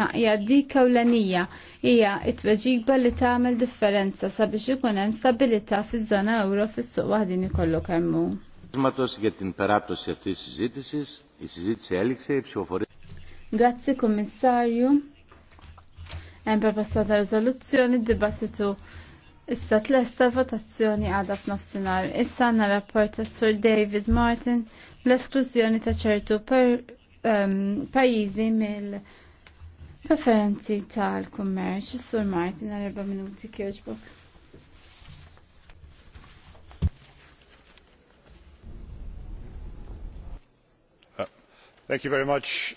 ma jaddi dik ewlenija hija t-tweġiba li tagħmel differenza sabiex ikun hemm stabilità fiż-żona euro fis-suq waħdin ikollu kemm hu. Grazzi Kummissarju. Hemm proposta ta' riżoluzzjoni d-dibattitu Issa tlesta votazzjoni għadha f'nofsinhar. Issa għandna rapport ta' Sir David Martin l esklużjoni ta' ċertu ehm, pajjiżi mill- preferenzi tal-kummerċ, Sur Martin, għal erba' minuti kjoġbok. Uh, thank you very much.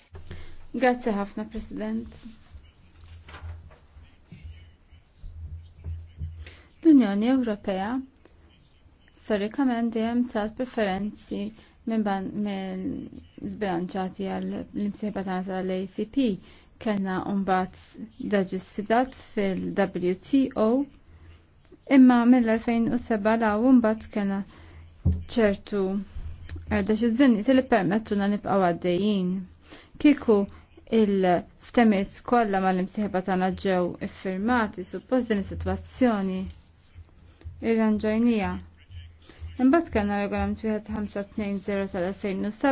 Grazie ħafna, President. L-Unjoni Ewropea storikament dejjem tat preferenzi minn zbilanċati għall imsieħba tagħna tal-ACP kena umbat daġis fidat fil-WTO imma mill-2007 la umbat kena ċertu eh, deċiżjoni li permettuna nibqaw għaddejjien. Kiku il-ftemiet kollha mal imsiħba tagħna ġew iffirmati suppost din is-sitwazzjoni irranġajnija. Imbagħad kellna regolament wieħed 520 tal-2007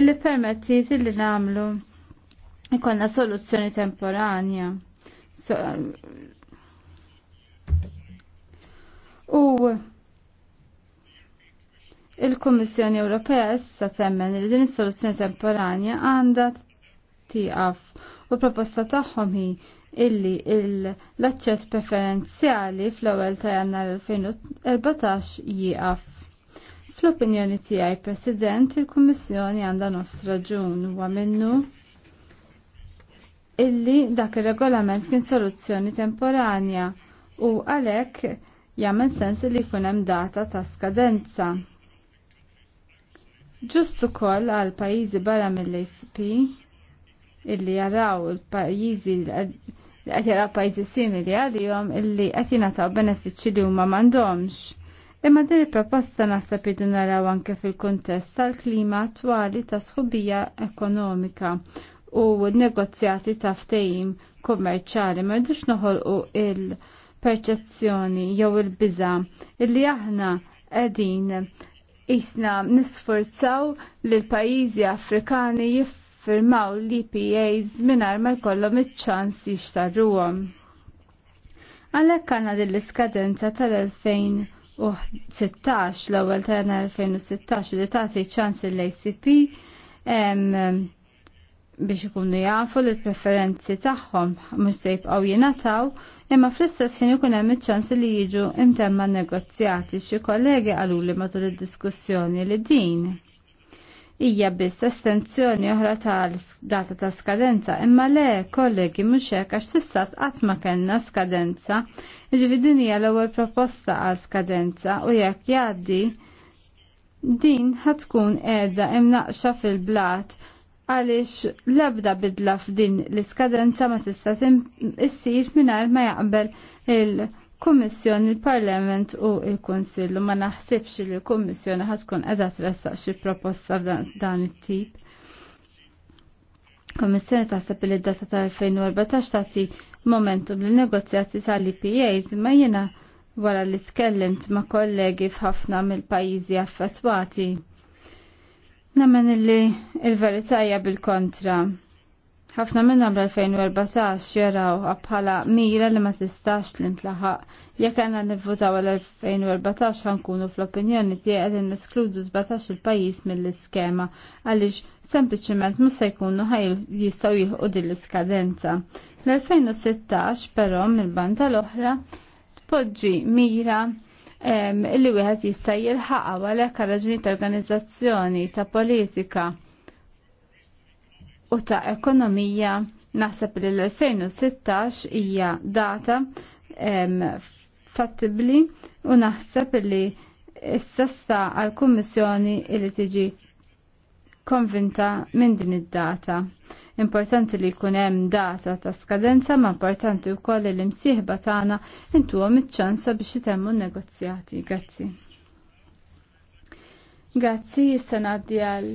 illi permettiet li nagħmlu ikonna soluzzjoni temporanja. So, um, u il-Kommissjoni Ewropea issa temmen li din is-soluzzjoni temporanja għandha tieqaf u proposta tagħhom hi illi l-aċċess preferenzjali fl-ewwel ta' jannar 2014 jieqaf. Fl-opinjoni tiegħi President, il-Kummissjoni għandha nofs raġun huwa minnu illi dak il-regolament kien soluzzjoni temporanja u għalek jagħmel sens li jkun hemm data ta' skadenza. Ġustu ukoll għal pajjiżi barra mill-ACP illi jaraw il-pajjiżi li qed jaraw pajjiżi simili għalihom illi qed jingħataw benefiċċji li huma m'għandhomx. Imma din il-proposta naħseb irdu naraw anke fil-kuntest tal-klima attwali ta' sħubija ekonomika u negozjati ta' ftejim kummerċali ma rridux noħolqu il-perċezzjoni jew il-biża illi aħna qegħdin isna nisforzaw li l-pajjiżi Afrikani jiffirmaw l-EPAs mingħajr ma jkollhom iċ-ċans jixtarruhom. Għalhekk għandna din l-iskadenza tal 2016 l-ewwel ta' 2016 li tagħti ċans l-ACP biex ikunu jafu li l-preferenzi tagħhom mhux se jibqgħu jingħataw, imma fl-istess ħin ikun hemm iċ-ċans li jiġu imtemma negozjati xi kollegi qaluli matul id-diskussjoni li din. Hija biss estensjoni oħra tal-data ta' skadenza, imma le kollegi mhux hekk għax s'issat qatt ma kellna skadenza, jiġifieri din hija l-ewwel proposta għal skadenza u jekk jgħaddi din ħatkun qiegħda imnaqxa fil-blat għaliex l-ebda bidla f'din l-iskadenza ma tista' issir mingħajr ma jaqbel il-Kummissjoni, il-Parlament u il konsillu ma naħsibx li l-Kummissjoni ħad tkun qiegħda tressaq xi proposta dan it-tip. Kommissjoni taħseb li d-data tal-2014 tagħti momentum li negozjati tal-IPAs imma jiena wara li tkellimt ma' kollegi f'ħafna mill-pajjiżi affettwati Nemmen illi il-veritajja bil-kontra. ħafna minnhom l-2014 jaraw bħala mira li ma tistax li ntlaħaq jekk għandna nivvutaw għal 2014 għankunu fl-opinjoni tiegħi qegħdin neskludu 17 il-pajjiż mill-iskema għaliex sempliċement mhux se jkunu ħaj jistgħu jilħqu din l-iskadenza. L-2016 però mill-banda l-oħra tpoġġi mira Illi wieħed jista' jilħaqha għalhekk raġuni ta' organizzazzjoni, ta' politika u ta' ekonomija naħseb li l-2016 hija data fattibli u naħseb li issa sta għal-Kummissjoni li tiġi konvinta minn din id-data. Importanti li jkun hemm data ta' skadenza ma' importanti wkoll li msieħba imsieħba tagħna intuhom iċ-ċansa biex itemmu n-negozjati. Grazzi. Grazzi, issa ngħaddi għal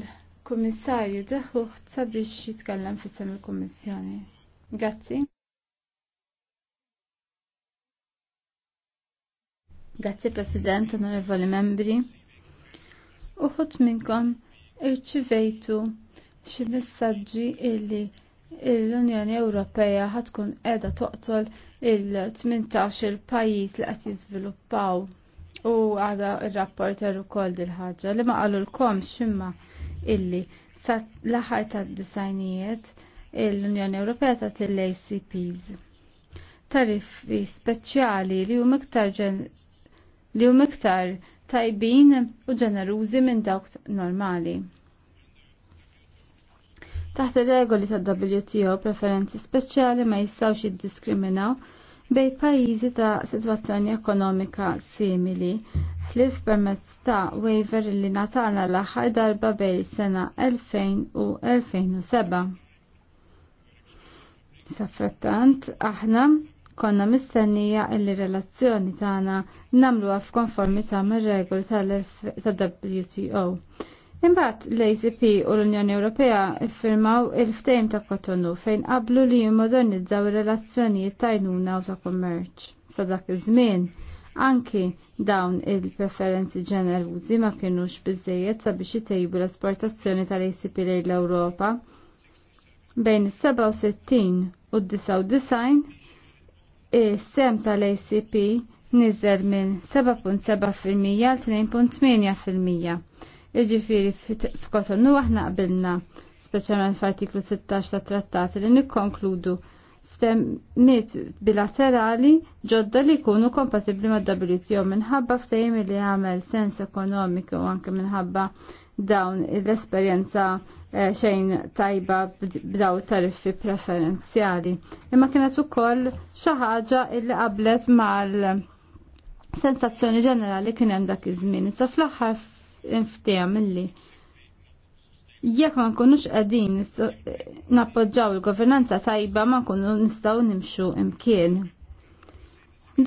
kummissarju Deħuħt sabiex jitkellem fis-sem il-Kummissjoni. Grazzi. Grazzi President, onorevoli membri. Uħut minnkom irċivejtu xi messaġġi illi l-Unjoni Ewropea ħatkun qiegħda toqtol il-18 il-pajjiż li qed jiżviluppaw. U għada ir-rapporter ukoll dil ħaġa li ma qalulkomx imma illi sa l-aħħar tad-disajnijiet l-Unjoni Ewropea tat l-ACPs. Tariffi speċjali li huma iktar li huma iktar tajbin u ġenerużi minn dawk normali. Taħt ir-regoli tad-WTO preferenzi speċjali ma jistgħux jiddiskriminaw bej pajjiżi ta' sitwazzjoni ekonomika simili ħlif permezz ta' waiver li natana l-aħħar darba bej sena 2000 u 2007. Saffrattant, aħna konna mistennija illi relazzjoni tagħna nagħmluha f'konformità mir-regoli tal-WTO. Imbagħad l-ACP u l-Unjoni Ewropea iffirmaw il-ftehim ta' Kotonu fejn qablu li jimmodernizzaw ir-relazzjonijiet ta' tajnuna u ta' kummerċ. Sa dak iż-żmien anki dawn il-preferenzi ġenerużi ma kienux biżejjed sabiex itejbu l-esportazzjoni tal-ACP lejn l-Ewropa bejn is-67 u d disajn is-sem tal-ACP nizzer minn 7.7% għal 2.8%. Iġifiri f'Kotonu aħna qbilna, speċjalment f'artiklu 16 ta' trattat li nikkonkludu f'temiet bilaterali ġodda li jkunu kompatibbli mad WTO minħabba f'tejjem li għamel sens ekonomiku u anke minħabba dawn l-esperjenza eh, xejn tajba b'daw tariffi preferenzjali. Imma kienet ukoll xi ħaġa illi qablet mal sensazzjoni ġenerali kien hemm dak iż-żmien. fl nftehom milli jekk ma nkunux qegħdin eh, nappoġġaw il-governanza tajba ma nkunu nistgħu nimxu imkien.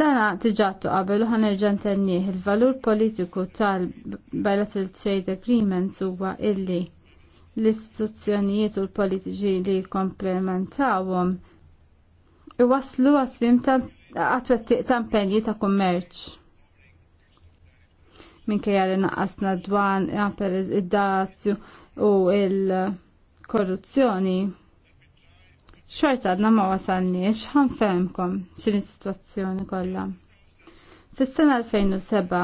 Dana tiġattu qabel u ħanerġa' ntennieh il-valur politiku tal-bilateral trade agreements huwa illi l-istituzzjonijiet u l-politiċi li komplementawhom iwaslu għatwettiq ta' impenji ta' kummerċ minkejja li naqqasna dwan id-dazju u il-korruzzjoni. Xorta għadna ma wasalniex, ħanfemkom xin situazzjoni kollha. Fis-sena 2007,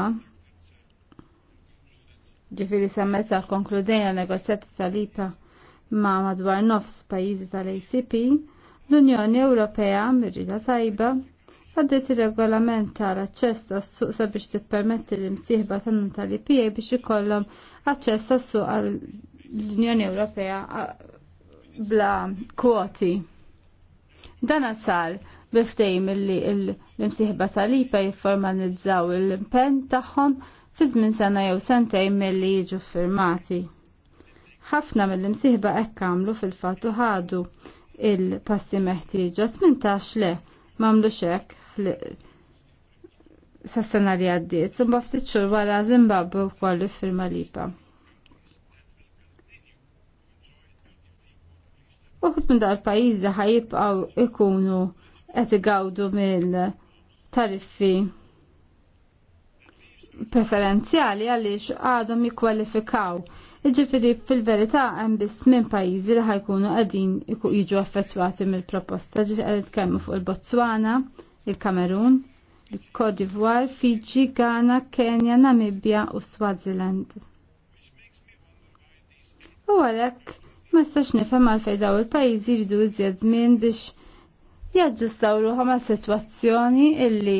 ġifiri semmeta konkludejna negozjati tal-IPA ma madwar nofs pajizi tal-ACP, l-Unjoni Ewropea mirrida sajba għaddit il-regolament tal-aċċess tas-suq sabiex tippermetti l-imsieħba tan tal-IPA biex ikollhom aċċess tas-suq għall-Unjoni Ewropea bla kwoti. Dan sar biftejm illi l-imsieħba tal-IPA jifformalizzaw l-impenn tagħhom fi żmien sena jew sentejn milli jiġu firmati. Ħafna mill-imsieħba hekk għamlu fil-fatt ħadu il-passi meħtieġa 18 le mamlu xek sassana li għaddiet, zumba ftit xhur wara Zimbabwe u kollu firma lipa. Uħud minn dal pajjiżi ħajibqgħu ikunu għet għawdu mill-tariffi preferenzjali għaliex għadhom jikkwalifikaw. Iġifiri fil-verità hemm biss minn pajjiżi li ħajkunu qegħdin jiġu effettwati mill-proposta. Ġifieri nitkellmu fuq il-Botswana, il-Kamerun, il-Cote d'Ivoire, Fiji, Ghana, Kenya, Namibja u Swaziland. U għalhekk ma stax nifhem għalfejn daw il-pajjiżi jridu iżjed żmien biex jaġġustaw ruħhom għal sitwazzjoni illi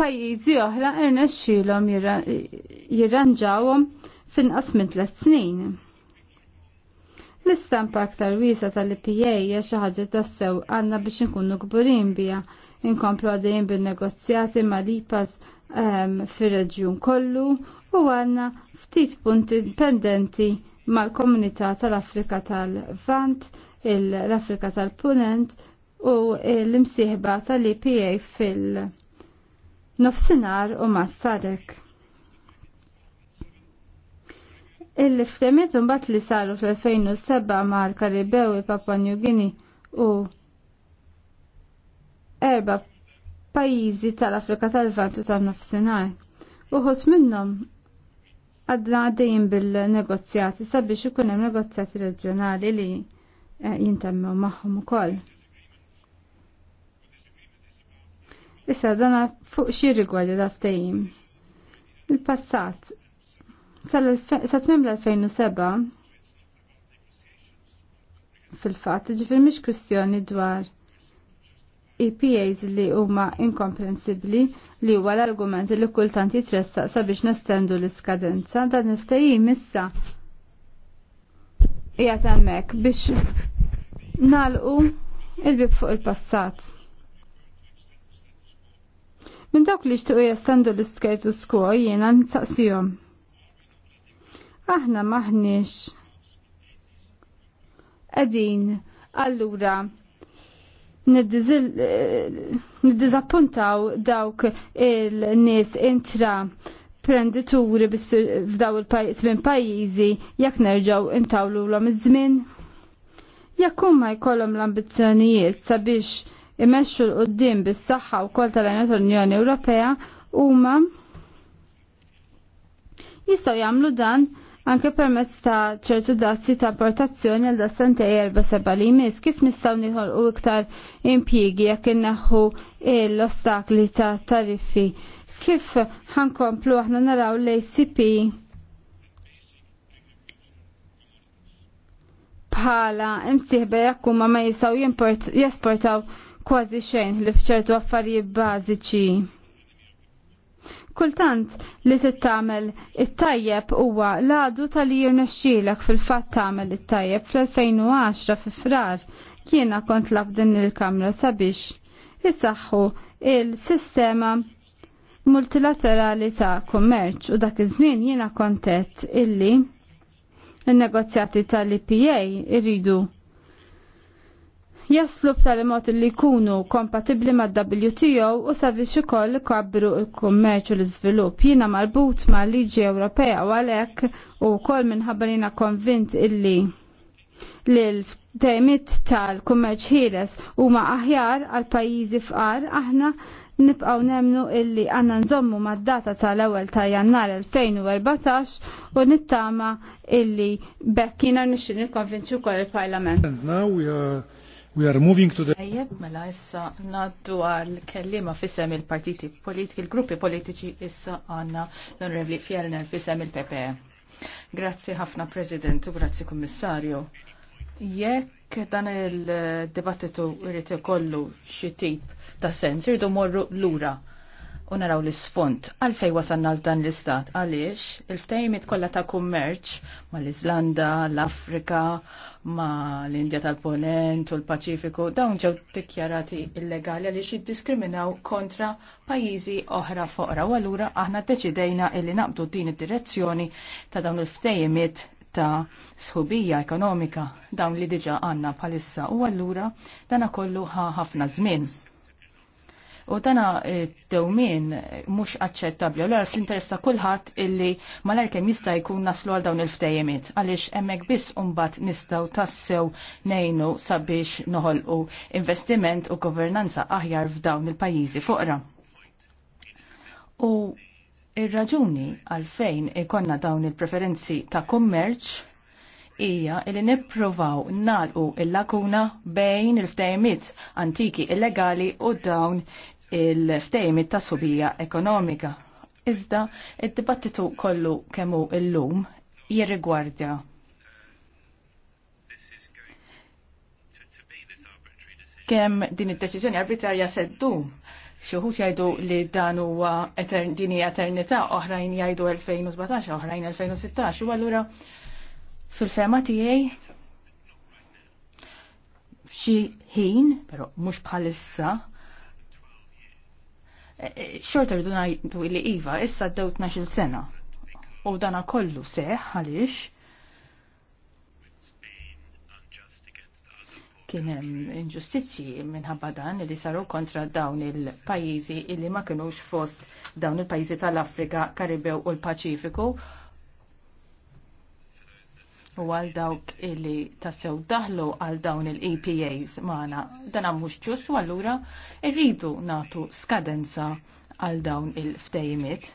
pajjiżi oħra irnexxielhom jirranġawhom finqas minn tliet snin. L-istampa aktar wiesa tal-IPA hija xi ħaġa tassew għandna biex inkunu kburin biha inkomplu għadejn bin-negozjati mal-IPAS ehm, fir-reġjun kollu u għandna ftit punti pendenti mal-komunità tal-Afrika tal-Vant, l-Afrika tal-Punent u l-imsieħba tal-IPA fil- nofsinar u mazzadek. Il-ftemiet unbat li saru fl-2007 ma' l-Karibew, Papua New Guinea u erba pajizi tal-Afrika tal-Vant u tal-Nofsinar. Uħos minnom għadna għaddejn bil-negozjati sabiex ikun hemm negozjati reġjonali li eh, jintemmew magħhom ukoll. Issa dana fuq xi rigward daftajim. Il-passat sa l-2007 fil-fat, ġifir mhix kwistjoni dwar EPAs li huma inkomprensibli li huwa l-argument li kultant jitressaq sabiex nestendu l-iskadenza dan il-ftajim issa jgħat hemmhekk biex nalqu il-bib fuq il-passat. Minn dawk li xtuq jastandu l-iskajtu skuq jiena nsaqsijom. Aħna maħniex. Edin, allura, nid-dizappuntaw dawk il-nis intra prendituri bis f'daw il-pajjiż minn pajjiżi jekk nerġgħu intawlu l-om iż-żmien. Jekk huma jkollhom l-ambizzjonijiet sabiex imexxu l-qoddim bis-saħħa wkoll tal-għajnuna tal-Unjoni Ewropea huma jistgħu jagħmlu dan anke permezz ta' ċertu dazzi ta' importazzjoni għal dastantej erba' seba' li jmiss kif nistgħu nieħolqu iktar impjiegi jekk inneħħu l-ostakli ta' tariffi. Kif ħankomplu aħna naraw l-ACP bħala imsieħba jekk huma ma jistgħu jesportaw kważi xejn li fċertu affarijiet bażiċi. Kultant li tittamel it-tajjeb huwa l-għadu tal jirnexxielek fil-fatt tagħmel it-tajjeb fl-2010 fi frar kiena kont lab din il-kamra sabiex jisaxħu il-sistema multilaterali ta' kummerċ u dak iż-żmien jiena kontet illi il-negozjati tal-IPA irridu jaslu b'tali mod li jkunu kompatibbli mad WTO u sabiex ukoll kabru l-kummerċ u l-iżvilupp. Jiena marbut ma' liġi Ewropea u għalhekk u wkoll minħabba li konvint illi li l-temit tal-kummerċ ħieles huma aħjar għal pajjiżi fqar aħna nibqaw nemnu illi għanna nżommu mad-data tal-ewel ta' jannar 2014 u nittama illi bekkina nixin il-konvinċu kol il-parlament. We are moving to the... mela issa naddu għal kellima fissem il-partiti politiki, il-gruppi politiċi issa għanna l-onrevli fjellner fissem il-PPE. Grazzi ħafna President u grazzi Kommissarju. Jekk dan il-dibattitu rritu kollu xi tip ta' sens, rridu morru lura u naraw l-isfont għalfej wasanna l dan l-istat għaliex il-ftejmit kollha ta' kummerċ mal islanda l-Afrika, ma l-Indja tal-Ponent u l-Paċifiku dawn ġew dikjarati illegali għaliex jiddiskriminaw kontra pajjiżi oħra foqra u allura aħna deċidejna illi naqbdu din id-direzzjoni ta' dawn il-ftejmit ta' sħubija ekonomika dawn li diġa għanna palissa u allura dana kollu ħafna żmien. U dana eh, dewmien eh, mhux aċċettabbli. Allura fl-interess ta' kulħadd illi malar kem jista' jkun naslu għal dawn il-ftejjemiet għaliex hemmhekk biss umbat nistgħu tassew ngħinu sabiex noħolqu investiment u governanza aħjar f'dawn il-pajjiżi foqra. U ir-raġuni għalfejn ikonna dawn il-preferenzi ta' kummerċ hija li nippruvaw nalqu il-lakuna bejn il-ftejmit antiki illegali u dawn il-ftejmit ta' subija ekonomika. Iżda, id-dibattitu kollu kemmu illum jirrigwardja kemm din id-deċiżjoni arbitrarja seddum Xuħut jajdu li dan huwa etern, dini eternità, oħrajn jajdu 2017, oħrajn 2016, u għallura Fil-fema tiegħi xi ħin, però mhux bħalissa, e, e, xorta rridu ngħidu li iva issa ddew 12-il sena. U dana kollu seħ għaliex kien hemm inġustizzji minħabba dan li saru kontra dawn il-pajjiżi illi ma kinux fost dawn il-pajjiżi tal-Afrika, Karibew u l-Paċifiku u għal dawk illi tassew daħlu għal dawn il-EPAs maħna. Dan mhux ġust u allura irridu natu skadenza għal dawn il-ftejmit.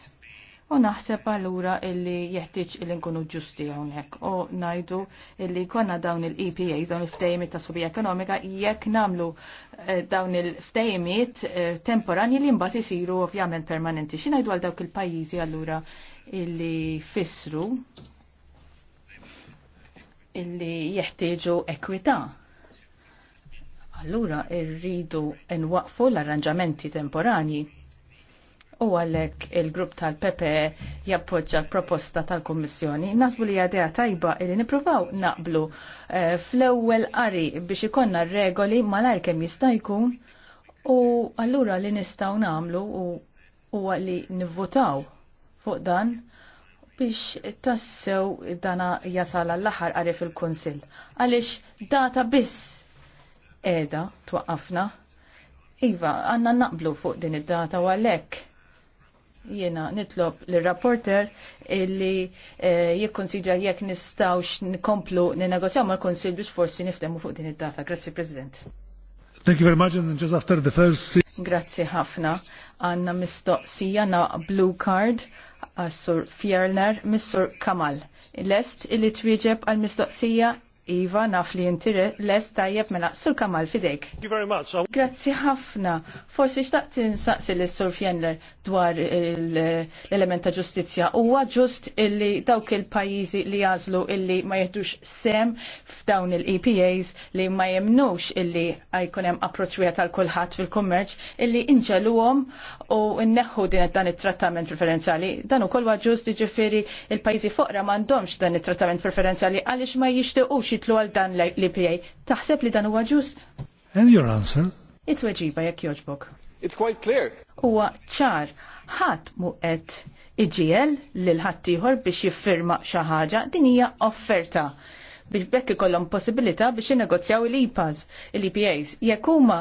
U naħseb allura illi jeħtieġ illi nkunu ġusti hawnhekk u ngħidu illi konna dawn il-EPAs, dawn il-ftejmit ta' subija ekonomika jekk namlu eh, dawn il-ftejmit eh, temporani li mbagħad isiru ovvjament permanenti. Xi ngħidu għal dawk il-pajjiżi allura illi fissru illi jeħtieġu ekwità. Allura irridu nwaqfu l-arranġamenti temporanji. U għalek il-grupp tal pepe jappoġġa l-proposta tal-Kommissjoni. Nasbu li għadea tajba illi niprofaw naqblu eh, fl-ewwel qari biex ikonna regoli malajr kemm jista' jkun u allura li nistgħu nagħmlu u huwa li nivvotaw fuq dan biex tassew dana jasal l-aħħar għari fil-Kunsill. Għaliex data biss edha twaqqafna. Iva, għanna naqblu fuq din id-data u għalhekk. Jiena nitlob l-rapporter illi eh, jikkonsidra jekk nistawx nkomplu ninegozjaw mal-Konsil biex forsi niftemu fuq din id-data. Grazzi, President. Thank you very much and just after the first... Grazzi ħafna. Għanna mistoqsija na blue card għas-sur Fjerner mis-sur Kamal. Lest illi twieġeb għal mistoqsija Iva, naf li inti les tajjeb mela sur kamal fidejk. Thank you very much. Grazzi ħafna. Forsi xtaqt insaqsi li sur Fjendler dwar l-element ta' ġustizja. Huwa ġust illi dawk il-pajjiżi li jażlu illi ma jihdux sem f'dawn il-EPAs li ma jemnux illi għajkunem hemm approċċ tal kulħadd fil-kummerċ illi għom u nneħħu din dan it-trattament preferenzjali. Dan ukoll huwa ġust jiġifieri il-pajjiżi foqra m'għandhomx dan it-trattament preferenzjali għaliex ma jixtiequx jitlu għal dan l-IPA. Taħseb li dan huwa ġust? And your answer? It's weġiba, jekk joġbok. It's quite clear. Huwa ċar, ħadd muqet iġiel lil ħaddieħor biex jiffirma xaħġa ħaġa, din hija offerta biex bekk ikollhom possibilità biex jinnegozjaw il-IPAs, il-IPAs. Jekk huma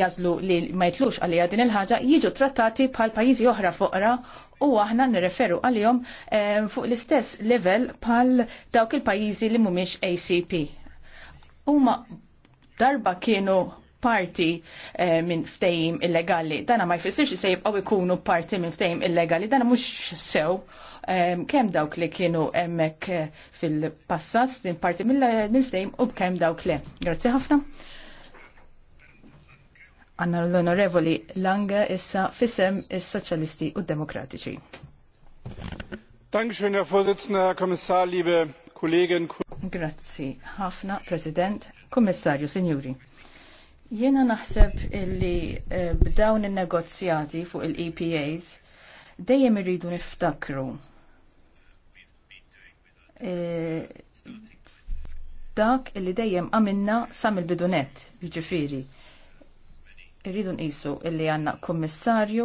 jażlu li ma jitlux għalija din il-ħaġa jiġu trattati bħal pajjiżi oħra foqra u aħna nirreferu għalihom eh, fuq l-istess level pal dawk il-pajjiżi li mhumiex ACP. Huma darba kienu parti eh, minn ftejim illegali. Dana ma jfissirx li se jibqgħu jkunu parti minn ftejim illegali. Dana mhux sew Kem eh, kemm dawk li kienu hemmhekk fil-passat din parti mill-ftejim u kem dawk le. Grazzi ħafna għanna l-onorevoli Lange issa fissem is-Soċjalisti u Demokratiċi. Dankeschön, Herr Vorsitzender, Herr Kommissar, liebe Kollegen. Grazzi, ħafna, President, Kommissarju, Signori. Jena naħseb illi eh, b'dawn il-negozjati fuq il-EPAs dejjem irridu niftakru eh, dak illi dejjem għamilna sam il-bidunet, jiġifieri irridu nqisu illi għandna kummissarju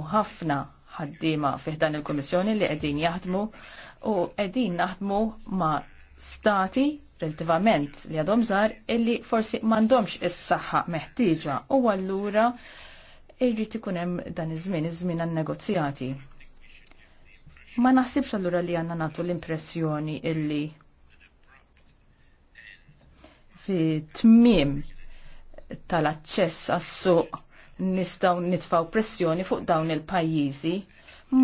u ħafna ħaddiema fih dan il-Kummissjoni li qegħdin jaħdmu u qegħdin naħdmu ma' stati relativament li għadhom żgħar illi forsi m'għandhomx is-saħħa meħtieġa u allura irrid ikun hemm dan iż-żmien iż-żmien għan-negozjati. Ma naħsibx allura li għandna nagħtu l-impressjoni illi fi tmiem tal-aċċess għas-suq nistgħu nitfaw pressjoni fuq dawn il-pajjiżi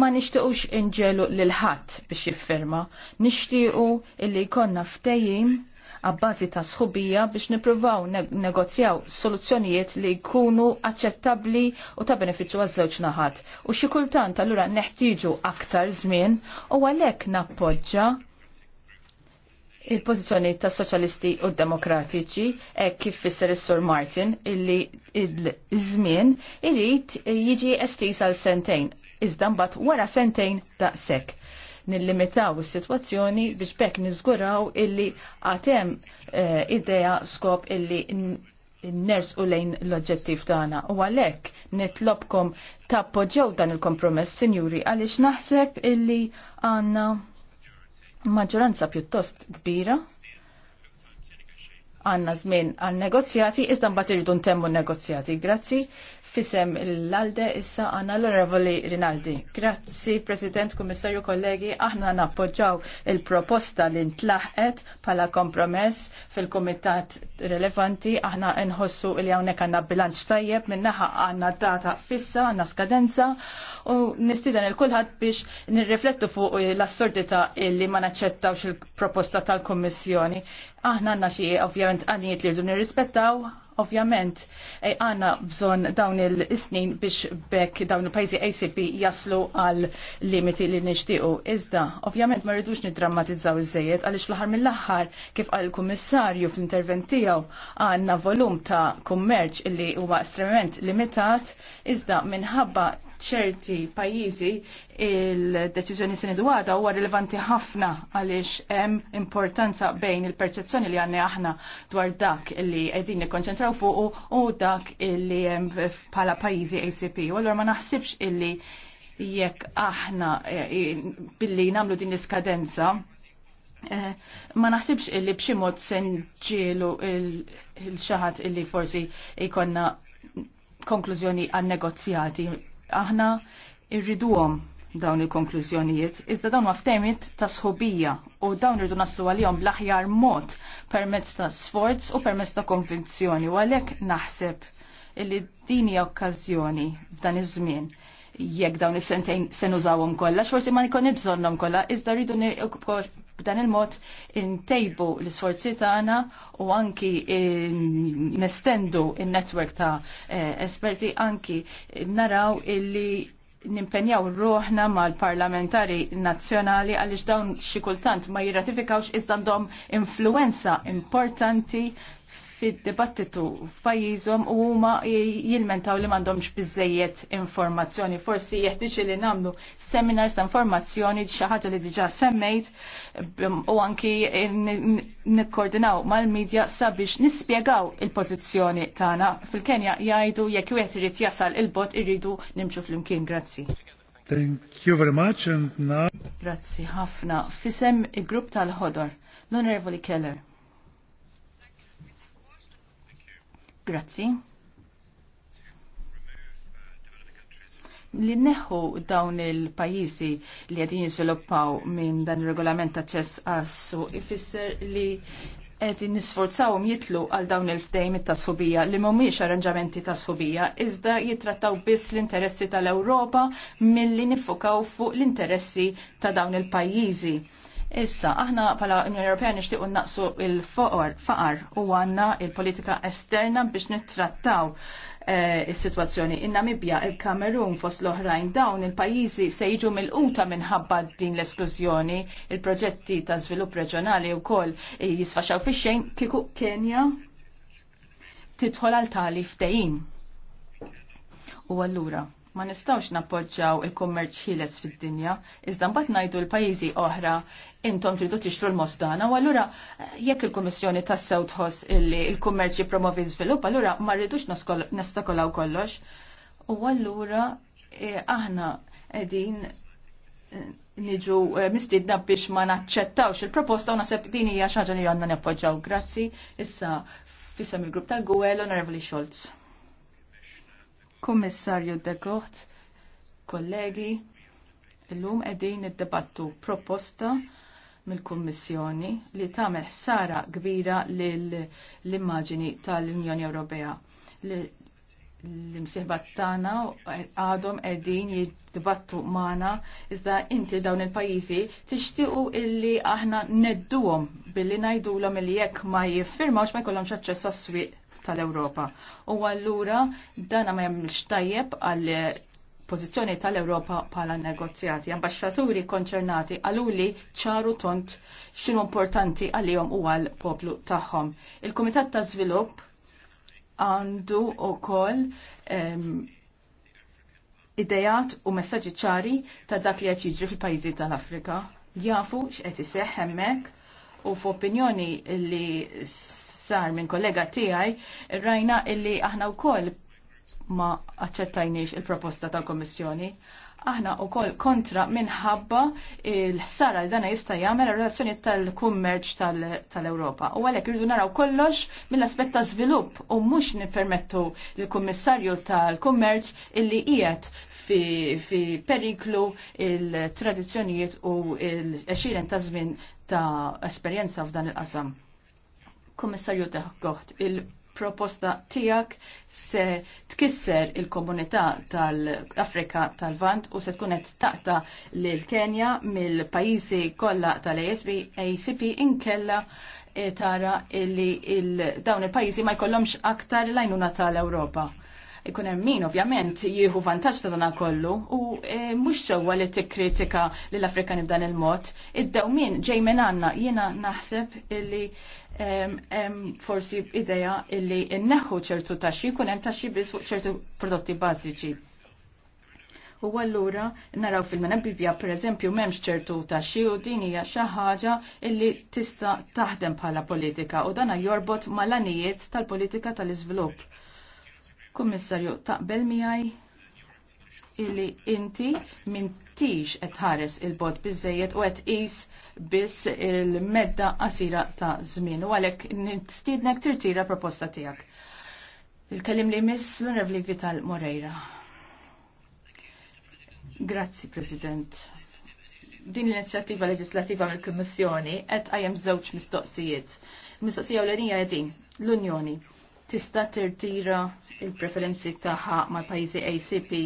ma nixtiequx inġelu lil ħadd biex jifferma, nixtiequ illi jkollna ftehim għabbażi ta' sħubija biex nipruvaw negozjaw soluzzjonijiet li jkunu aċċettabbli u ta' benefiċċju għaż-żewġ naħat. U xi kultant allura neħtieġu aktar żmien u għalhekk nappoġġa il-pozizjoni ta' soċjalisti u demokratiċi hekk kif fisser is-Sur Martin illi il żmien irid jiġi estis għal sentejn iżda mbagħad wara sentejn daqshekk. Nillimitaw is-sitwazzjoni biex bekk niżguraw illi għatem eh, idea skop illi ners u lejn l-oġġettiv tagħna u għalhekk nitlobkom tappoġġew dan il-kompromess, sinjuri, għaliex naħseb illi għandna maġġoranza pjuttost kbira għanna żmien għal negozjati, iżda mbagħad irridu ntemmu negozjati. Grazzi, fisem l-alde issa għanna l-Onorevoli Rinaldi. Grazzi, President, Kummissarju, kollegi, aħna nappoġġaw il-proposta li ntlaħqet pala kompromess fil-komitat relevanti, aħna nħossu li hawnhekk għandna bilanċ tajjeb minnaħa għandna data fissa, għandna skadenza u nistieden il-kulħadd biex nirriflettu fuq l-assordita li ma naċċettawx il-proposta tal-Kommissjoni Aħna għanna xie, ovvjament, għanniet li rridu nirrispettaw, ovvjament, e, għanna bżon dawn il-snin biex bekk dawn il-pajzi ACP jaslu għal limiti li nishtiqu. Iżda, ovvjament, ma rridux nidrammatizzaw iż-żejiet, għalix fl-ħar mill-ħar, kif għal il-kummissarju fl-intervent għanna volum ta' kummerċ illi huwa estremament limitat, iżda minħabba ċerti pajjiżi il-deċiżjoni sinidwada huwa rilevanti ħafna għaliex hemm importanza bejn il-perċezzjoni li għandna aħna dwar dak li qegħdin nikkonċentraw fuq u dak li hemm bħala pajjiżi ACP. U allura ma naħsibx illi jekk aħna eh, billi namlu din l-iskadenza eh, ma naħsibx illi b'xi mod senġielu il-xaħat il illi forsi ikonna konklużjoni għan negozjati aħna irriduhom dawn il-konklużjonijiet, iżda dawn għaftemit ta' sħobija u dawn rridu naslu għalihom bl-aħjar mod permezz ta' sforz u permezz ta' konvinzjoni u għalhekk naħseb illi dini okkazjoni okkażjoni f'dan iż-żmien jekk dawn is-sentejn se nużawhom kollha, xforsi ma nikon bżonnhom kollha, iżda rridu B'dan il-mod intejbu l-isforzi tagħna u anki ehm, nestendu il-netwerk ta' eh, esperti anki naraw illi nimpenjaw ruħna mal-parlamentari nazzjonali għaliex dawn xi kultant ma jirratifikawx iżda għandhom influenza importanti fil dibattitu f'pajjiżhom u huma jilmentaw li m'għandhomx bizzejiet informazzjoni. Forsi jeħtieġ li nagħmlu seminars ta' informazzjoni xi ħaġa li diġà semmejt u anki nikkoordinaw mal-medja sabiex nispjegaw il-pożizzjoni tagħna. Fil-Kenja jgħidu jekk wieħed irid jasal il-bot irridu nimxu flimkien. Grazzi. Thank you very much and now... Grazzi ħafna. Fisem il-grupp tal-ħodor, l-Onorevoli Keller. Grazzi. li neħu dawn il-pajizi li għedin jizviluppaw minn dan il-regolament ta' ċess għassu ifisser li għedin nisforzaw jitlu għal dawn il-fdejm ta' subija li mumiex arranġamenti ta' subija iżda jitrattaw biss l-interessi tal-Europa mill-li nifukaw fuq l-interessi ta' dawn il-pajizi. Issa, aħna pala Unjoni Ewropea nixtiequ naqsu il-faqar u għanna il-politika esterna biex nittrattaw e, is-sitwazzjoni. In-Namibja, il-Kamerun fost l-oħrajn dawn il-pajjiżi se jiġu mill-quta minħabba din l-esklużjoni, il-proġetti ta' żvilupp reġjonali wkoll jisfaxxaw fix-xejn kieku Kenja tidħol għal tali ftehim. U allura, ma nistawx nappoġġaw il-kummerċ ħieles fid-dinja, iżda mbagħad ngħidu l-pajjiżi oħra intom tridu tixtru l-mostana, u allura jekk il-Kummissjoni tassew tħoss illi il-kummerċ jippromovi żvilupp, allura ma rridux nestakolaw kollox. U allura e, aħna qegħdin e, niġu e, mistidna biex ma naċċettawx il-proposta u naseb din hija xi ħaġa li għandna nappoġġaw. Grazzi. Issa fissam il-grupp tal-Gwel Onorevoli Scholz. Kommissarju de Gocht, kollegi, illum qegħdin iddebattu proposta mill-Kummissjoni li tagħmel ħsara kbira lill-immaġini tal-Unjoni Ewropea l-imsieħba tagħna għadhom qegħdin jidbattu magħna iżda inti dawn il-pajjiżi tixtiequ illi aħna nedduhom billi ngħidulhom illi jekk ma jiffirmawx ma jkollhomx aċċess għas-swieq tal-Ewropa. U allura dana ma jemmilx tajjeb għall pożizzjoni tal-Ewropa bħala negozjati. Ambasċaturi konċernati li ċaru tont x'inhu importanti għalihom u għal poplu tagħhom. Il-Kumitat ta' Zvilupp għandu u koll idejat u messaġġi ċari ta' dak li qed jiġri fil-pajjiżi tal-Afrika. Jafu x'qed iseħħ hemmhekk u f'opinjoni li sar minn kollega tiegħi rajna illi aħna wkoll ma aċċettajniex il-proposta tal-Kommissjoni aħna u koll kontra minħabba l-ħsara li dana jista' jagħmel relazzjoni tal-kummerċ tal-Ewropa. U għalhekk irridu naraw kollox mill-aspett ta' żvilupp u mhux nippermettu lill-Kummissarju tal-Kummerċ illi qiegħed fi, periklu il-tradizzjonijiet u l-għexieren ta' żmien ta' esperjenza f'dan il-qasam. Kummissarju Deħgoħt, il proposta tijak se tkisser il-komunità tal-Afrika tal-Vant u se tkun qed taqta l Kenja mill-pajjiżi kollha tal-ASB ACP inkella e tara li il dawn il-pajjiżi ma jkollhomx aktar l-għajnuna tal-Ewropa ikun hemm min ovvjament jieħu vantaġġ ta' dan kollu u e, mhux sewwa li tikkritika lill afrikani b'dan il-mod. Iddew min ġej minn għandna jiena naħseb illi forsi idea illi nneħħu ċertu taxxi jkun hemm taxxi biss fuq ċertu prodotti bażiċi. U allura naraw fil-mena Bibja per eżempju memx ċertu ta' u din hija xi ħaġa li tista' taħdem bħala politika u dan jorbot mal-anijiet tal-politika tal-iżvilupp. Kummissarju, taqbel miħaj illi inti mintix qed tħares il-bot biżejjed u qed qis biss il-medda qasira ta' żmien u għalhekk nistiednek tirtira proposta tiegħek. Il-kellim li miss l-Onorevli Vital Moreira. Grazzi, President. Din l-inizjattiva leġislativa mill-Kummissjoni qed qajjem żewġ mistoqsijiet. Il-mistoqsija ewlenija qegħdin l-Unjoni tista' tirtira il-preferenzi tagħha mal-pajjiżi ACP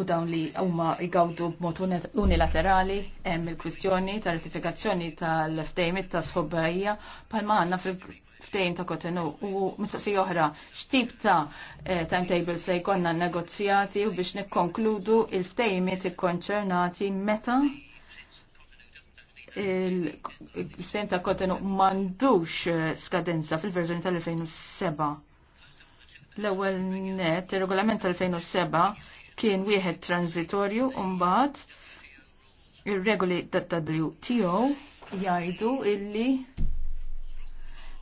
u dawn li huma jgawdu b'mod unilaterali hemm il-kwistjoni ta' ratifikazzjoni tal-ftehim ta' sħobajja palma għandna fil-ftehim ta' Kotenu u mistoqsija oħra x'tip ta' eh, timetable se jkollna negozjati u biex nikkonkludu il-ftehimiet ikkonċernati meta il-ftehim ta' Kotenu m'għandux eh, skadenza fil-verżjoni tal-2007 L-ewwel net, ir-regolament tal-2007 kien wieħed transitorju u mbagħad ir-regoli tat-WTO jgħidu illi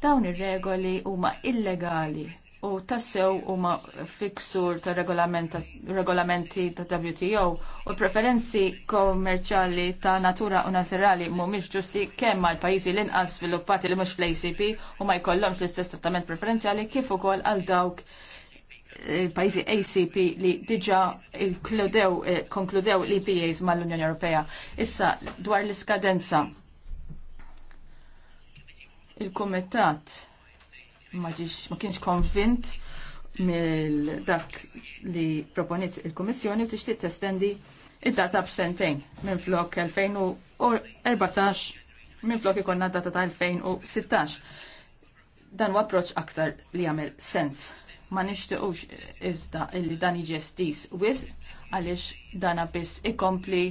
dawn ir-regoli huma illegali u tassew huma fiksur ta' regolamenti ta' WTO u preferenzi kommerċali ta' natura u naturali mhumiex ġusti kemm mal pajjiżi l-inqas sviluppati li mhux fl-ACP u ma jkollomx l-istess trattament preferenzjali kif ukoll għal dawk eh, pajizi ACP li diġa eh, konkludew l-EPAs mal-Unjoni Ewropea. Issa, dwar l-iskadenza, il-Komitat ma kienx konvint mill dak li proponiet il-Komissjoni u tixtieq testendi id-data b'sentejn minn flok 2014 minn flok ikonna data ta' 2016. Dan huwa approċ aktar li jagħmel sens. Ma nixtiequx iżda illi dan jiġi u għis għaliex dan biss ikompli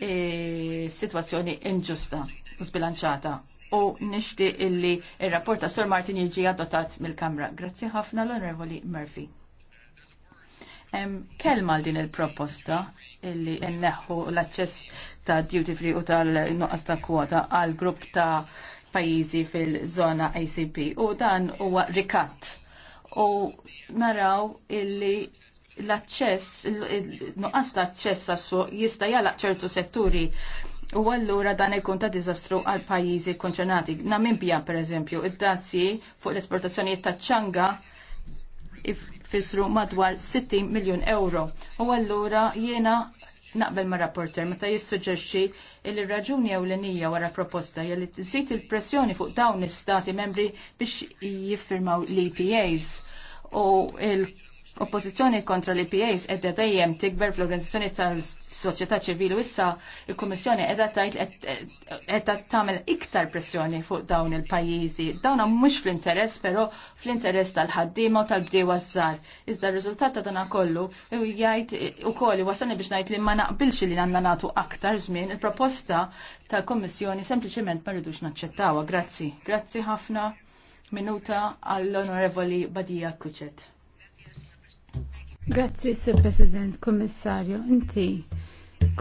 eh, situazzjoni inġusta u zbilanċata u nishti illi ir-rapport il ta' Sor Martin jiġi adottat mill-Kamra. Grazzi ħafna l-Onorevoli Murphy. kelma din il-proposta illi nneħħu l-aċċess ta' duty free u tal-nuqqas ta' kwota għal grupp ta' pajjiżi fil-żona ICP u dan huwa rikat. u naraw illi l-access, nuqqas ta' access għassu jista jalaq ċertu setturi U allura dan ikun ta' diżastru għal pajjiżi konċernati. Namibja, per eżempju, id-dazzi fuq l esportazzjoni ta' ċanga fisru madwar 60 miljon euro. U allura jiena naqbel ma' rapporter meta jissuġġerxi li raġuni l-nija wara proposta li zit il-pressjoni fuq dawn l istati membri biex jiffirmaw l-EPAs u il oppożizzjoni kontra l-IPAs edda dejjem tikber fl-organizzazzjoni tal-soċjetà ċivili u issa il-Kummissjoni edha tajt eh, edha tagħmel iktar pressjoni fuq dawn il-pajjiżi. Dawn mhux fl-interess però fl-interess tal-ħaddiema u tal-bdiewa żgħar. Iżda r-riżultat ta' dan kollu jgħid ukoll wasalni biex ngħid li ma naqbilx li għandna nagħtu aktar żmien il-proposta tal-Kummissjoni sempliċement ma rridux naċċettawha. Grazzi. Grazzi ħafna. Minuta għall-Onorevoli Badija Kuċet. Grazzi, Sir President, Kommissarju, inti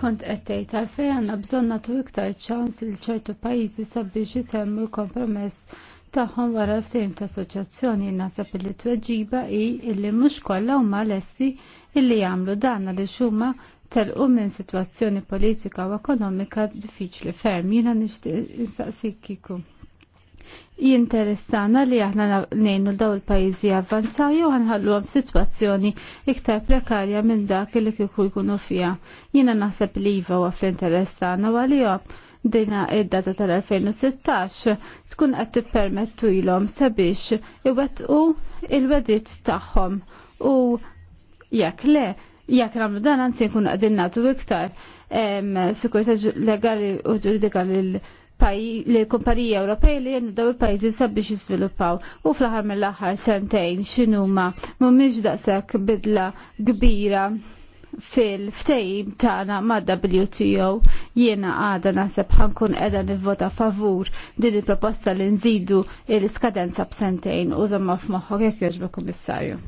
kont għettej tal-fej għanna bżonna tu iktar ċans il ċertu pajizi sabiex jitemmu kompromess taħħom wara ftehim ta' assoċjazzjoni nasab li tweġiba i illi mhux kollha huma lesti illi jagħmlu dan li xuma telqu minn sitwazzjoni politika u ekonomika diffiċli ferm. Jiena nixtieq insaqsik kiku jinteressana li aħna nejnu l-daw il-pajizi avvanzaw jew għam situazzjoni iktar prekarja minn dak li kiku jkunu fija. Jina naħseb li jiva u għaf interessana għam dina id-data tal-2016 tkun qed tippermettu ilhom sabiex iwettqu il-wedit tagħhom u jekk le jekk namlu dan għan sinkun qegħdin nagħtu iktar sikurtà legali u ġuridika lil li kumparija Ewropej li jennu daw il-pajzi sabiex jisviluppaw u fl-ħar mill-ħar sentejn xinuma mumiġ daqsek bidla kbira fil-ftejim tagħna ma' WTO jiena għada naħseb ħankun edha nivvota favur din il-proposta li nżidu l-iskadenza b'sentejn u żomma f'moħħok jekk jogħġbu komissarju.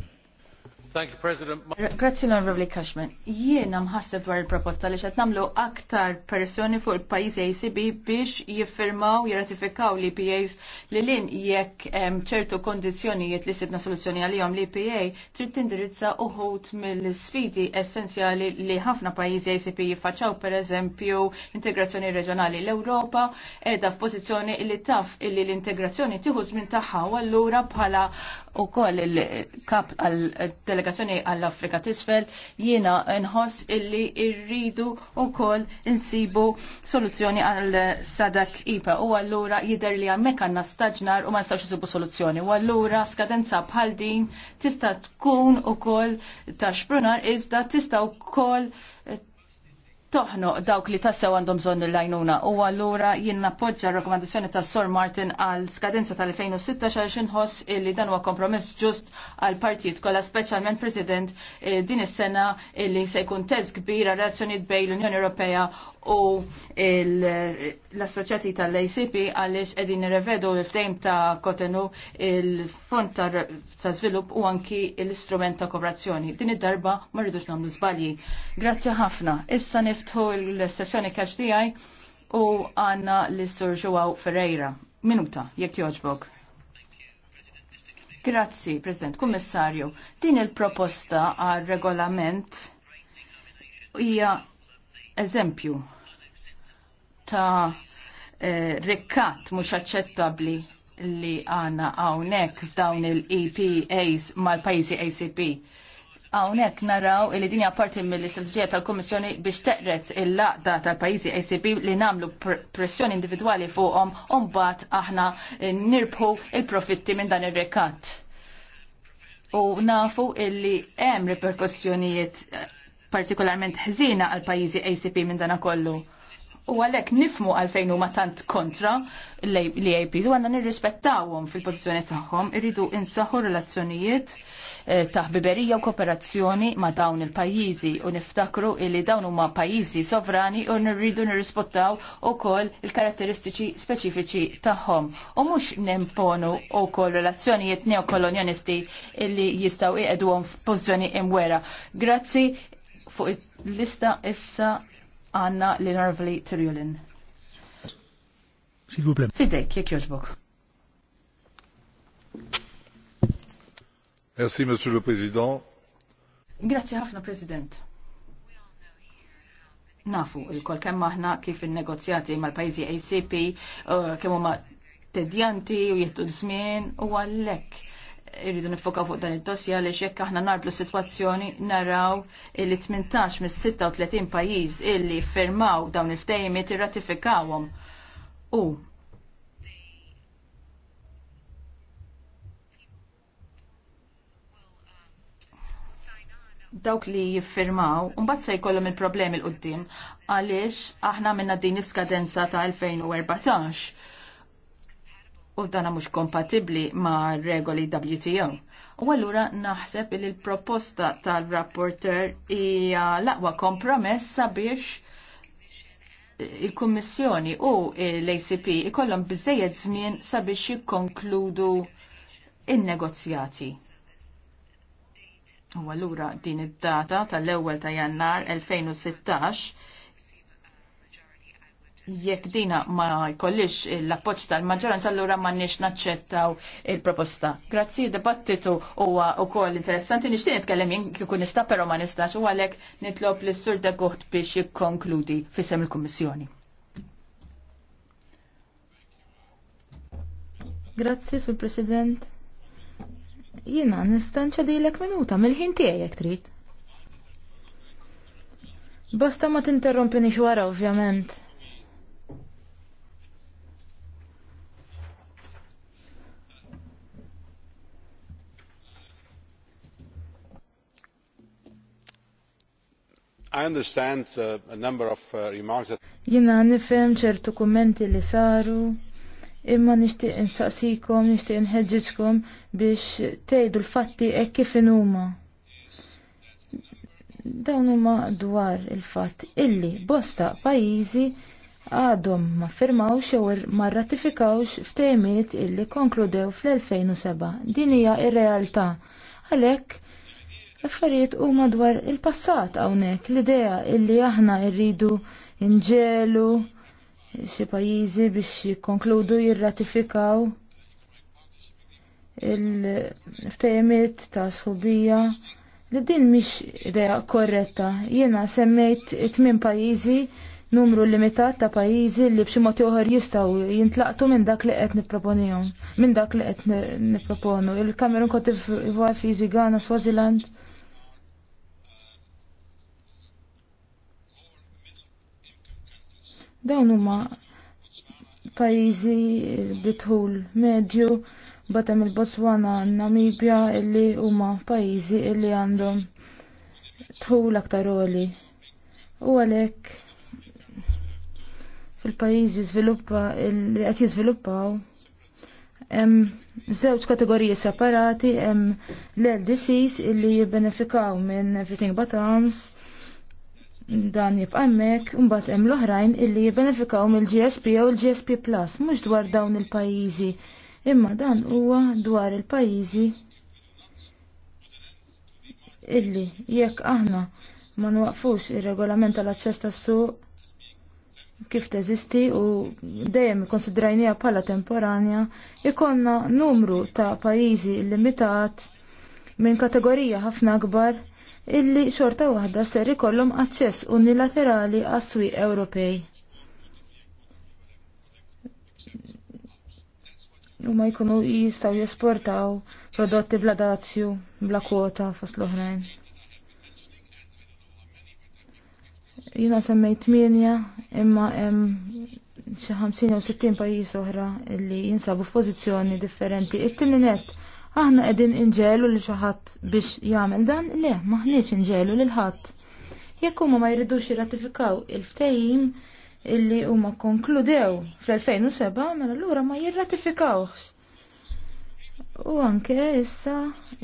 Thank you, President. Grazzi l-Onorevoli Cashman. Jiena mħasseb dwar il-proposta li xed namlu aktar pressjoni fuq il pajjiżi ACB biex jiffirmaw, jirratifikaw l-EPAs li lin jekk ċertu kondizzjonijiet li sibna soluzzjoni għalihom l-EPA trid tindirizza uħut mill-sfidi essenzjali li ħafna pajjiżi ACP jiffaċċaw pereżempju integrazzjoni reġjonali l-Ewropa edha f'pożizzjoni li taf illi l-integrazzjoni tieħu żmien tagħha u allura bħala wkoll il-kap għal delegazzjoni għall-Afrika tisfel jiena nħoss illi irridu wkoll insibu soluzzjoni għal sadak IPA u allura jidher li hemmhekk għandna staġnar u ma nistgħux isibu soluzzjoni. U allura skadenza bħal din tista' tkun ukoll ta' xprunar iżda tista' wkoll toħnoq dawk li tassew għandhom bżonn il-lajnuna u allura jien nappoġġa r-rakkomandazzjoni ta' Sor Martin għal skadenza tal-2016 għal xinħoss li dan huwa kompromess ġust għal partijiet kollha speċjalment President eh, din is-sena li se jkun test kbir għal relazzjonijiet bejn l-Unjoni Ewropea u l-assoċjati tal-ACP għaliex qegħdin nirrevedu l-ftejm ta' Kotenu il-Fond ta' Żvilupp u anki l-istrument ta' kooperazzjoni. Din id-darba ma rridux nagħmlu żbalji. Grazzi ħafna. Issa nif niftħu l-sessjoni kaċ tijaj u għanna l-sur Joao Ferreira. Minuta, jek joġbok. Grazzi, President, Kummissarju. Din il-proposta għal regolament hija eżempju ta' eh, rikkat mhux aċċettabbli li għana għawnek f'dawn il-EPAs mal-pajzi ACP. Hawnhekk naraw li dinja parti mill istrategija tal komissjoni biex teqret il-laqda tal-pajjiżi ACP li nagħmlu pressjoni individwali fuqhom u bat aħna nirbħu il-profitti minn dan ir-rekat. U nafu illi hemm reperkussjonijiet eh, partikolarment ħżina għal pajjiżi ACP minn dan kollu. U għalek nifmu għalfejn huma tant kontra li APs u għanna nirrispettawhom fil-pożizzjoni tagħhom, irridu insaħħu relazzjonijiet Eh, ta' ħbiberija u kooperazzjoni ma' dawn il-pajjiżi u niftakru li dawn huma pajjiżi sovrani u nirridu nirrispottaw ukoll il-karatteristiċi speċifiċi tagħhom. U mhux nimponu wkoll relazzjonijiet neokolonjonisti li jistgħu iqedwhom f'pożizzjoni imwera. Grazzi fuq il-lista issa għanna l-Narvli Tirjulin. Fidek, jek joġbok. Merci, Monsieur le Président. Grazie ħafna, President. Nafu, il-kol kemm aħna kif il-negozjati mal-pajzi ACP, kemm huma tedjanti u jittu żmien u għallek irridu nifokaw fuq dan id-dossja li xekk aħna narblu situazzjoni naraw li 18 mis 36 pajjiż illi firmaw dawn il-ftejmiet irratifikawhom. U dawk li jiffirmaw, unbat se jkollhom il-problemi l-qoddim, għaliex aħna minna din iskadenza ta' 2014 u dana mhux kompatibbli ma' regoli WTO. U allura naħseb li l-proposta tal-rapporter hija laqwa kompromess sabiex il-Kummissjoni u l-ACP ikollhom biżejjed żmien sabiex jikkonkludu in-negozjati U allura din id-data tal-ewwel ta' Jannar 2016 jekk dina ma jkollix l-appoġġ tal-maġġoranza allura m'għandniex naċċettaw il-proposta. Grazzi, dibattitu huwa wkoll interessanti nixtieq nitkellem jien kieku nista' però ma nistax u għalhekk nitlob lis sur Degucht biex jikkonkludi fisem il-Kummissjoni. Grazzi, Sur President. Jina nistan ċadilek minuta mill-ħin tiegħi jekk trid. Basta ma tinterrompini xwara ovvjament. I understand uh, a number of uh, remarks that Jina nifhem ċertu kommenti li saru imma nixtieq insaqsikom, nixtieq nħeġġiġkom biex tgħidu l-fatti hekk kif huma. Dawn huma dwar il-fatt illi bosta pajjiżi għadhom ma firmawx jew ma rratifikawx ftehimiet illi konkludew fl-2007. Din hija r-realtà. Għalhekk affarijiet huma dwar il-passat hawnhekk l-idea illi aħna rridu nġelu xi pajjiżi biex jikkonkludu jirratifikaw il-ftejmiet ta' sħubija li din mhix idea korretta. Jiena semmejt tmien pajjiżi numru limitat ta' pajjiżi li b'xi mod oħor jistgħu jintlaqtu minn dak li qed nipproponihom, minn dak li qed nipproponu. Il-Kamerun Kotiv Gana, Swaziland. Dawn huma pajjiżi bitħul medju batem il-Botswana, Namibja illi huma pajjiżi illi għandhom tħul aktar oli. U għalhekk fil-pajjiżi żviluppa li qed jiżviluppaw hemm żewġ kategoriji separati hemm l-LDCs illi jibbenefikaw minn everything but arms dan jibqa' hemmhekk imbagħad hemm l-oħrajn illi jibbenefikaw mill-GSP jew il-GSP Plus mhux dwar dawn il-pajjiżi. Imma dan huwa dwar il-pajjiżi illi jekk aħna ma nwaqfux ir-regolament tal-aċċess tas-suq kif teżisti u dejjem konsidrajnija bħala temporanja, ikonna numru ta' pajjiżi limitat minn kategorija ħafna akbar illi xorta waħda ser ikollhom aċċess unilaterali għas-swieq Ewropej. U ma jkunu jistaw jesportaw prodotti bla dazju, bla kwota fost l-oħrajn. Jina semmejt minja imma hemm xi 50 u 60 pajjiż oħra illi jinsabu f'pożizzjoni differenti. It-tieni aħna qegħdin inġelu li xi ħadd biex jagħmel dan, le maħniex inġelu lil ħadd. Jekk huma ma jridux jirratifikaw il-ftehim illi huma konkludew fl-2007 mela allura ma jirratifikawx. U anke issa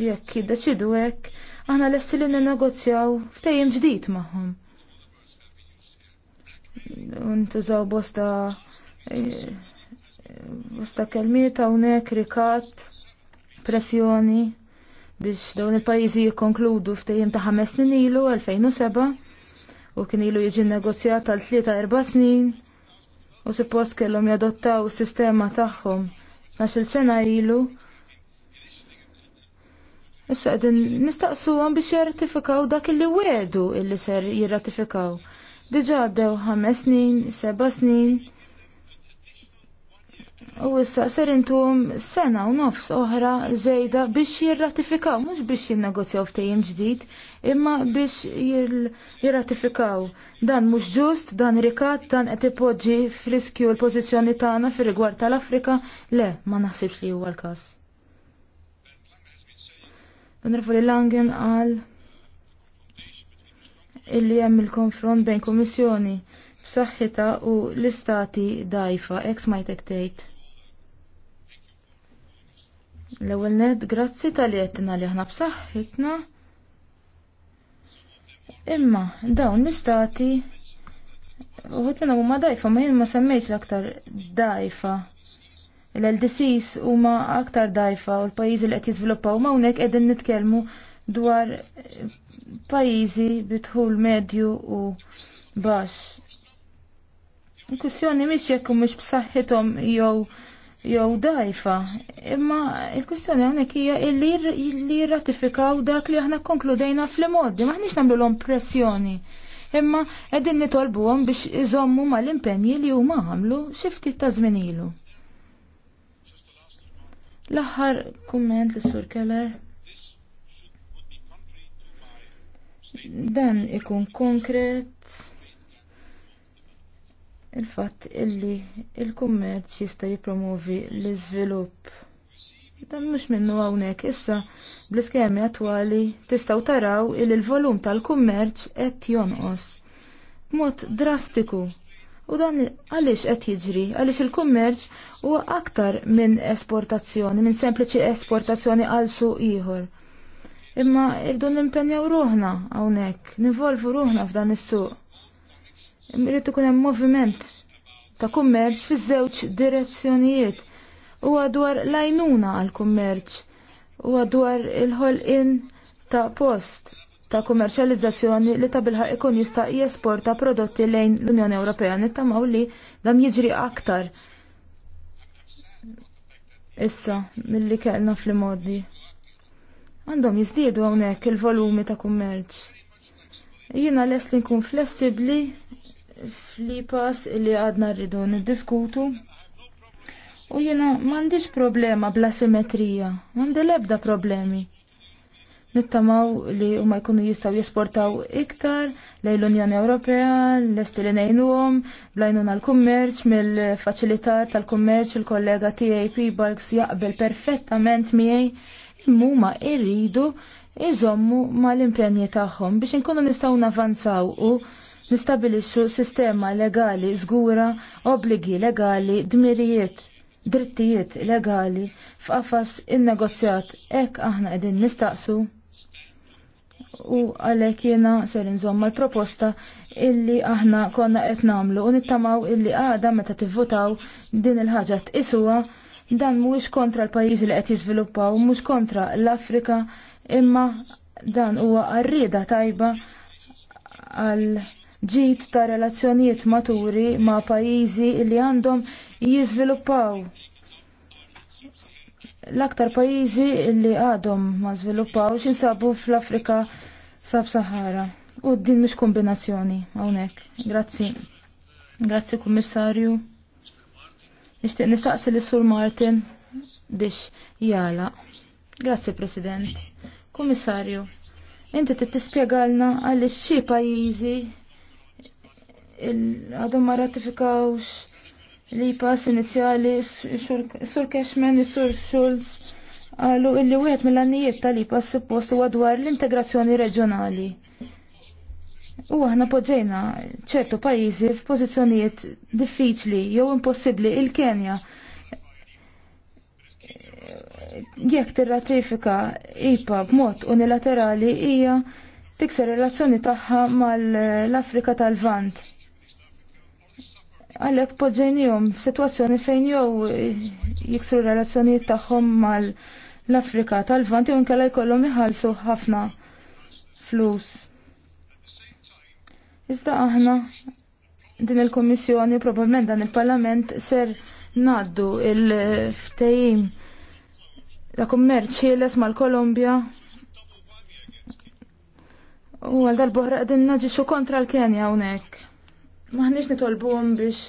jekk jiddeċidu hekk aħna lesti li negozjaw ftehim ġdid magħhom. Untużaw bosta eh, bosta kelmiet hawnhekk rikat pressjoni biex dawn il-pajjiżi jikkonkludu ftehim ta' ħames snin ilu 2007 u kien ilu jiġi negozjat għal tlieta erba' snin u suppost kellhom jadottaw is-sistema tagħhom il sena ilu. Issa qegħdin nistaqsuhom biex jirratifikaw dak illi wiegħdu illi ser jirratifikaw. Diġà għaddew ħames snin, seba' snin U issa ser intum sena u nofs oħra żejda biex jirratifikaw, mhux biex jinnegozjaw ftehim ġdid, imma biex jirratifikaw. Dan mhux ġust, dan rikat, dan qed ipoġġi friskju l-pożizzjoni tagħna fir-rigward tal-Afrika, le, ma naħsibx li huwa l-każ. Onorevoli Langen għal illi hemm il-konfront bejn kummissjoni b'saħħitha u l-istati dajfa ex ma jtek tgħid. L-ewwel ned grazzi tal-li li aħna b'saħħitna. Imma dawn l-istati uħut minnhom huma dajfa ma jien ma semmejx l-aktar dajfa. L-LDCs huma aktar dajfa u l-pajjiżi li qed jiżviluppaw huma hawnhekk qegħdin nitkellmu dwar pajjiżi bidħul medju u baxx. Il-kwistjoni mhix jekk mhux b'saħħithom jew jew dajfa. Imma il-kwistjoni hawnhekk hija li jirratifikaw dak li aħna konkludejna fl-modi, maħniex nagħmlu l pressjoni. Imma qegħdin nitolbuhom biex iżommu mal-impenji li huma għamlu xi ftit ta' żmien ilu. L-aħħar kumment lis sur Keller. Dan ikun konkret il-fatt illi il-kummerċ jista' jippromovi l-iżvilupp. Dan mhux minnu hawnhekk issa bl-iskemi attwali tistgħu taraw il il-volum tal-kummerċ qed jonqos b'mod drastiku. U dan għaliex qed jiġri, għaliex il-kummerċ huwa aktar minn esportazzjoni, minn sempliċi esportazzjoni għal suq ieħor. Imma irdu nimpenjaw ruħna hawnhekk, nivolvu ruħna f'dan is-suq Irrid ikun hemm moviment ta' kummerċ fiż-żewġ direzzjonijiet. Huwa dwar lajnuna għal kummerċ, huwa dwar il-ħolqien ta' post ta' kummerċjalizzazzjoni li ta' bilħa ikun jista' jesporta prodotti lejn l-Unjoni Ewropea nittamaw li dan jiġri aktar issa milli kellna fl-modi. Għandhom jiżdiedu hawnhekk il-volumi ta' kummerċ. Jiena lest li nkun flessibbli flipas li għadna rridu niddiskutu. U jena mandiġ problema bla simetrija, mandi lebda problemi. Nittamaw li huma jkunu jistaw jesportaw iktar lejn l-Unjoni Ewropea, lest li għom, blajnuna l-kummerċ mill facilitar tal-kummerċ il-kollega TAP Barks jaqbel perfettament miegħi imma irridu iżommu mal-impenji tagħhom biex inkunu nistgħu navanzaw u nistabilixxu sistema legali żgura, obbligi legali, dmirijiet, drittijiet legali f'qafas in-negozjat hekk aħna qegħdin nistaqsu u għalhekk jiena ser inżomm l-proposta illi aħna konna qed nagħmlu u nittamaw illi għada meta tivvutaw din il-ħaġa tqisuha dan mhuwiex kontra l-pajjiżi li qed jiżviluppaw, mhux kontra l-Afrika, imma dan huwa arrieda tajba għal ġid ta' relazzjonijiet maturi ma' pajjiżi li għandhom jiżviluppaw. L-aktar pajjiżi li għadhom ma' żviluppaw xinsabu fl-Afrika sab-Sahara. U din mhix kombinazzjoni hawnhekk. Grazzi. Grazzi kummissarju. Nixtieq nistaqsi lis sur Martin biex jala. Grazzi President. Kummissarju, inti tispjegalna għaliex xi pajjiżi għadhom ma ratifikawx li pass inizjali sur Cashman, sur Schulz għalu illi wieħed mill-għannijiet tal-IPA suppost huwa dwar l-integrazzjoni reġjonali. U aħna poġġejna ċertu pajjiżi f'pożizzjonijiet diffiċli jew impossibbli il-Kenja jekk tirratifika IPA b'mod unilaterali hija tikser relazzjoni tagħha mal-Afrika tal-Vant għalek podġenjum f-situazzjoni fejn jow jiksru relazzjoni tagħhom mal l-Afrika tal-Vanti un kalla jkollhom iħallsu ħafna flus. Iżda aħna din il komissjoni probabbilment dan il-Parlament ser naddu il-ftejim ta' kummerċ ħieles mal-Kolombja u għal dal-boħra qegħdin naġixxu kontra l-Kenja hawnhekk maħniex nitolbuhom biex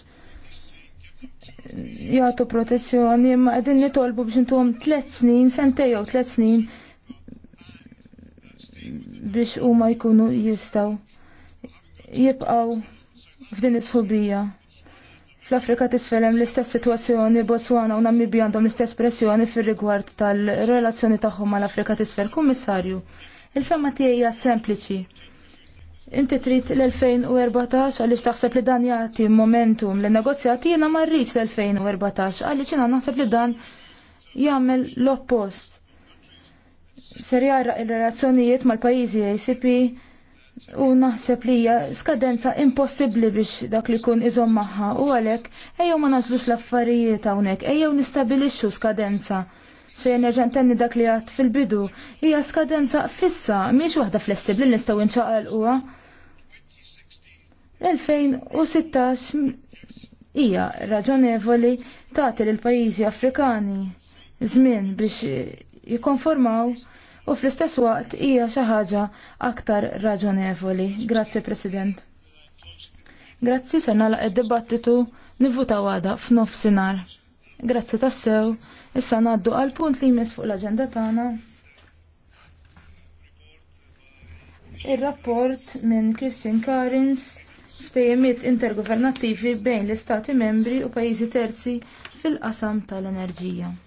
jagħtu protezzjoni, ma qegħdin nitolbu biex intuhom tliet snin, sentej jew tliet snin biex huma jkunu jistgħu jibqgħu f'din is-subija. Fl-Afrika tisfelem l-istess situazzjoni Botswana u Namibia għandhom l-istess pressjoni fir-rigward tal-relazzjoni tagħhom mal-Afrika tisfel. Kummissarju, il-femma tiegħi sempliċi. Inti trid l-2014 għaliex taħseb li dan jagħti momentum li negozjati jiena ma rridx l-2014 għaliex jiena naħseb li dan jagħmel l-oppost. Ser jara il-relazzjonijiet mal-pajjiżi ACP u naħseb li hija skadenza impossibbli biex dak li jkun iżom magħha u għalhekk ejjew ma nagħżlux l-affarijiet hawnhekk, ejjew nistabilixxu skadenza. Se jenerġa' ntenni dak li għad fil-bidu hija skadenza fissa mhix waħda flessibbli li nistgħu uwa. 2016 hija raġonevoli tagħti lil pajjiżi Afrikani żmien biex jikkonformaw u fl-istess waqt hija xi ħaġa aktar raġonevoli. Grazzi President. Grazzi se nagħlaq id-dibattitu nivvutaw għada f'nofsinhar. Grazzi tassew, issa ngħaddu għal punt li jmiss fuq l-aġenda tagħna. Ir-rapport minn Christian Carins ftejjemiet intergovernattivi bejn l-Istati membri u pajjiżi terzi fil-qasam tal-enerġija.